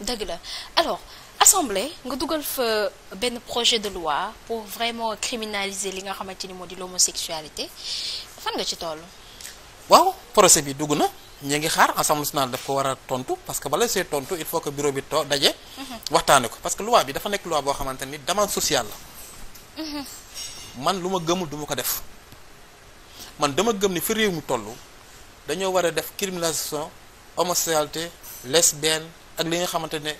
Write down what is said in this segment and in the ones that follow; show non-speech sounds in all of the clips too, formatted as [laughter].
dëgg la alors assemblée nga dugal fa benn projet de loi pour vraiment criminaliser li nga xamante ni moo di l'homosexualité fan nga ci toll. waaw projet bi dugg na ñu ngi xaar assemblée nationale daf ko war a tontu parce que bala see tontu il faut que bureau bi to daje. Mhm. waxtaane ko parce que loi bi dafa nekk loi boo xamante ni demande sociale la. Mhm. man lu ma gëmul du ma ko def man dama gëm ni fi réew mi toll dañoo war a def criminalisation homosexualité lesbienne. ak li nga xamante ne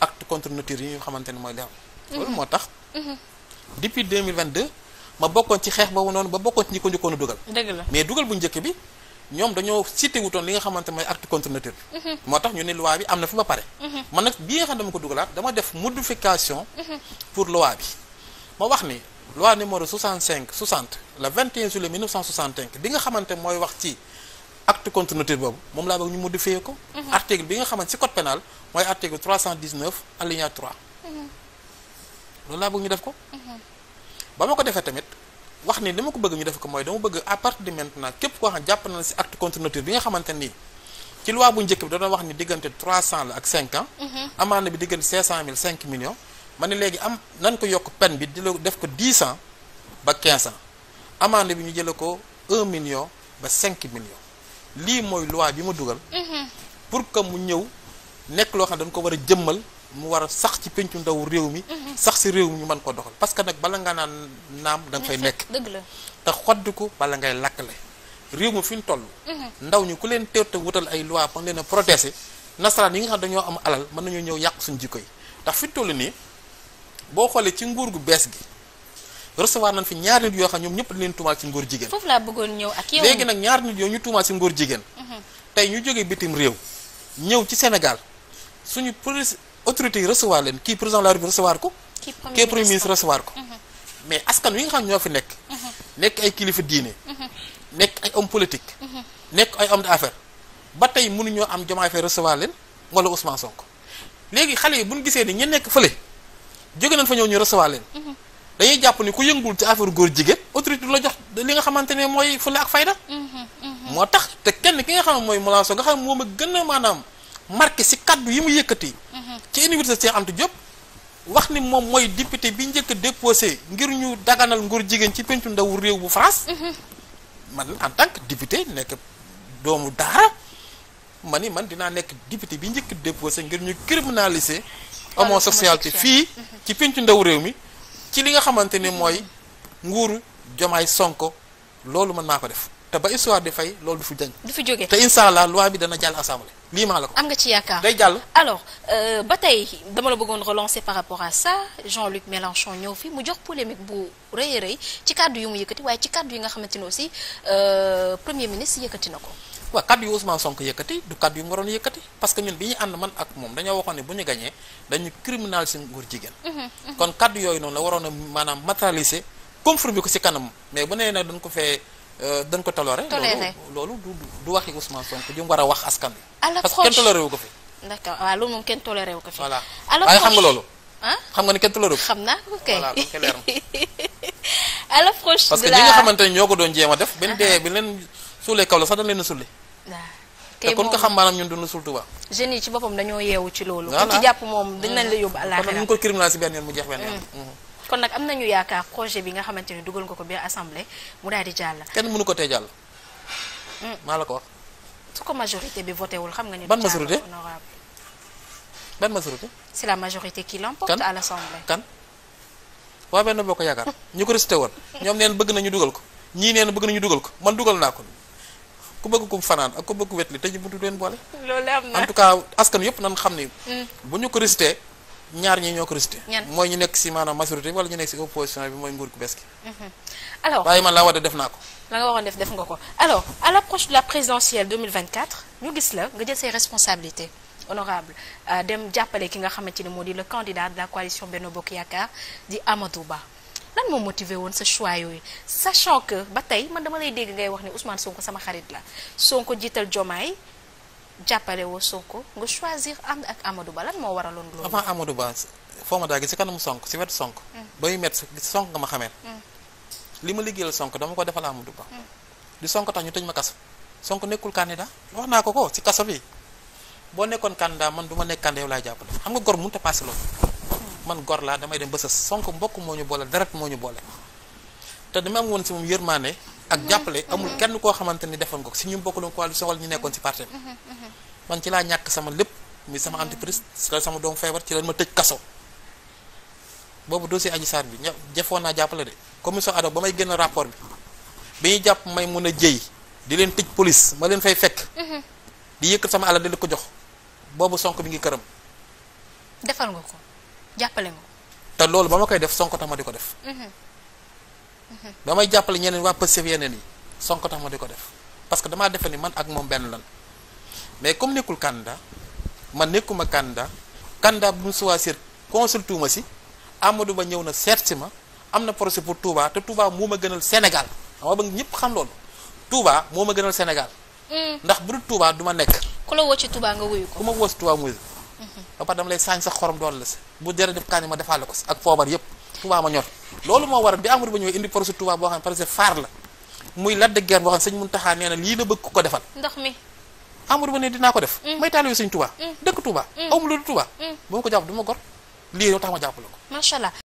acte contre nature yi nga xamante ne mooy li am. Mhm. loolu moo tax. Mhm. depuis deux mille vingt deux ma bokkoon ci xeex boobu noonu ba bokkoon ci ñi ko njëkkoon a dugal. mais dugal bu njëkk bi ñoom dañoo cité wutoon li nga xamante mooy acte contre nature. Mhm. moo tax ñu ne loi bi am na fi ba pare. man nag bi nga xam ne dama ko dugalaat dama def modification. pour wax ni. loi numéro 65 60 le 21 juillet 1965 bi nga xamante mooy wax ci. acte contre nature boobu moom laa bëgg ñu defee ko. Mhm. article bi nga xamante ci code pénal mooy article 319 alinéa 3. Mhm. loolu laa bëgg ñu def ko. Mhm. ba ma ko defee tamit wax ni li ma ko bëgg ñu def ko mooy dama bëgg à partir de maintenant képp koo jàpp na ci acte contre nature nga xamante nii ci loi bu njëkk bi da wax ni diggante 300 la ak 5 ans. amende bi diggante 500 000 5 millions. ma ne léegi am nan ko yokk peine bi di la def ko 10 ans ba 15 ans amende bi ñu jëlee ko un million ba cinq million lii mooy loi bi ma dugal. Mhm. pour que mu ñëw nekk loo xam dañ ko war a jëmmal mu war a sax ci pencu ndaw réew mi. Mhm. sax si réew mi ñu mën ko doxal parce que nag bala nga naan naam danga koy nekk. dëgg la te xodd ko bala ngay lakk la réew mi fi ñu toll. Mhm. ndaw ñi ku leen teew wutal ay loi ba leen a protéger nasaraan yi nga xam dañoo am alal mën nañoo ñëw yàq suñu jikko yi ndax fi ñu toll nii boo xoolee ci nguur gu bees gi. recevoir nañ fi ñaari nit yoo xam ñoom ñëpp dañ leen tuumaal ci ngóor jigéen léegi nag ñaari nit yooyu ñu tuumaal ci ngóor jigéen mhm. tey ñu jógee bitim réew ñëw ci Sénégal suñu police autorité yi recevoir leen kii président de la République recevoir ko kii premier ministre recevoir ko mhm. mais askan wi nga xam ñoo fi nekk mhm. nekk ay kilifa diine nekk ay homme politique nekk ay homme d'affaires ba tey mënuñoo am Diomaye Faye recevoir leen wala Ousmane Sonko léegi xale yi bu ñu gisee ni ñu nekk dañuy jàpp ni ku yëngul ci affaire góor jigéen autorité du la jox li nga xamante ne mooy fulla ak fayda mm-hmm, mm-hmm. moo tax te kenn ki nga xam ne mooy Moulin Sow nga xam moom a gën a maanaam marqué si kaddu yi mu yëkkati mm-hmm. ci université Cheikh Anta Diop wax ni moom mooy député bi njëkk a déposé ngir ñu daganal ngor jigéen ci pencu ndawu réew bu France man en tant que député nekk doomu daara ma ni man dinaa nekk député bi njëkk déposé ngir ñu criminaliser homosexualité fii ci pencu ndaw réew mi ci li nga xamante ni mooy nguuru jomaay sonko loolu man maa ko def te ba histoire di fay loolu du fi dañ fi jóge te incha allah loi bi dana jàll assemblée lii maa la ko am nga ci yaakaar day jàll. alors euh, ba tey dama la bëggoon relancer par rapport à ça Jean-Luc Mélenchon ñëw fi mu jox polémique bu rëy a rëy ci kàddu yu mu yëkkati waaye ci kàddu yi nga xamante ne euh, premier ministre yëkkati na ko. waaw kàddu yu Ousmane Sonko yëkkati du kàddu yu mu waroon yëkkati parce que ñun bi ñu ànd man ak moom dañoo waxoon ne bu ñu gañee dañu criminaliser góor jigéen. Mm-hmm, mm-hmm. kon kàddu yooyu noonu la waroon a maanaam matérialiser confirmer ko si Euh, dañ ko toléré. toléré loolu du ko waxi Ousmane Sonko jëm war a wax askan bi. parce que kenn toléré wu ko fi. d' accord waaw loolu moom kenn toléré ko fi. waaye xam nga loolu. xam nga ni kenn toléré ko. xam naa ko kay voilà [laughs] à l' parce que ñi nga xamante ne ñoo ko doon jéem a def. benn ah. dee bi leen suulee kaw la sax dañ leen a sulle. Ah. te kon ko xam maanaam ñun dund sul tuba jeunes yi ci boppam dañoo yeewu ci loolu. ku ci jàpp moom dañ leen la yóbbu àllaaxira. kon nag ñu ko criminaliser si benn yoon kon nag am nañu yaakaar projet bi nga xamante ni dugal nga ko biir assemblée mu daal di jàll. kenn mënu ko tee jàll. Hmm. maa la ko wax. su ko majorité bi voté wul xam nga ñu ban majorité ban majorité. c'est la majorité qui l'emporte à l'assemblée kan waa benn boo ko yaakaar ñu ko resté woon ñoom neen bëgg nañu dugal ko ñii neen bëgg nañu dugal ko man dugal naa ko ku bëgg ku fanaan ak ku bëgg wetli te ñu buntu leen boole. loolu am na en tout cas askan yëpp nan xam ni. Hmm. bu ñu ko resté. ñaar ñi ñoo ko rejeté. mooy ñu nekk si maanaam majorité wala ñu nekk si opposition bi mooy nguur gu bees gi. Mm-hmm. alors bàyyi laa war a def naa ko. la nga waroon def def nga ko alors à l'approche de la présidentielle 2024 ñu gis la nga jël say responsabilités honorable euh, dem jàppale ki nga xamante ne moo di la candidat de la coalition Benno Bokk Yaakaar di Amadou Ba lan moom motivé woon sa choix yooyu sachant que ba tey man dama lay dégg ngay wax ne Ousmane Sonko sama xarit la Sonko jiital Diomaye. jàppale woo Sonko nga choisir ànd ak Amadou Ba lan moo waraloon loolu. avant Amadou Ba foo ma daa gis si kanamu Sonko si wetu Sonko. Mm. ba muy métti Sonko nga ma xamee. Mm. li ma liggéeyal Sonko dama ko defal Amadou Ba. Mm. di Sonko tax ñu tëj ma kaso. Sonko nekkul candidat wax naa ko ko si kaso bi boo nekkoon candidat man du ma nekk candidat yow laay jàppale xam nga gor mënut a passé loolu. man gor laa damay dem ba sa Sonko mbokk moo ñu boole deret moo ñu boole te dama am woon si ak jàppale amul kenn koo xamante ni defal nga ko si ñu ko coalition wala ñu nekkoon si parti man ci laa ñàkk sama lépp mi sama entreprise ci la sama doom feebar ci lañ ma tëj kaso boobu dossier Adji Sarr bi ña jëfoon naa jàppale de commission ad ba may génn rapport bi bi ñuy jàpp may mun a jëy di leen tëj police ma leen fay fekk. di yëkkat sama alal di la ko jox boobu sonk bi ngi këram. defal nga ko jàppale nga ko. te loolu ba ma koy def sonk tax ma di ko def. Mhm. ba may jàppale ñeneen waa Pastef yeneen yi Sonko tax ma di ko def parce que damaa defe ni man ak moom benn lan mais comme nekkul candidat ma nekkuma candidat candidat bu mu choisir consulte ma si Amadou Ba ñëw na seet ma am na projet pour Touba te Touba moo ma gënal Sénégal xam nga ba ñëpp xam loolu Touba moo ma gënal Sénégal. Mm. ndax bu dul Touba du ma nekk. ku la woo ci Touba nga wuyu ko. ku ma woo si Touba muy. Mm-hmm. ba pare dama lay saañ sa xorom doon la si bu dere def kaani ma defaale ko si ak foobar yëpp. Touba ma ñor loolu moo war bi Amadou Ba ñëwee indi projet Touba boo xam ne projet phare la muy Lac de Guiers boo xam ne sëñ Mountakha nee na lii la bëgg ko defal ndox mi Amadou Ba ne dinaa ko def mm. may taalibe sëñ Touba mm. dëkk Touba mm. awma loolu Touba ba boo ko jàpp du ma gor lii tax ma jàppale ko macha allah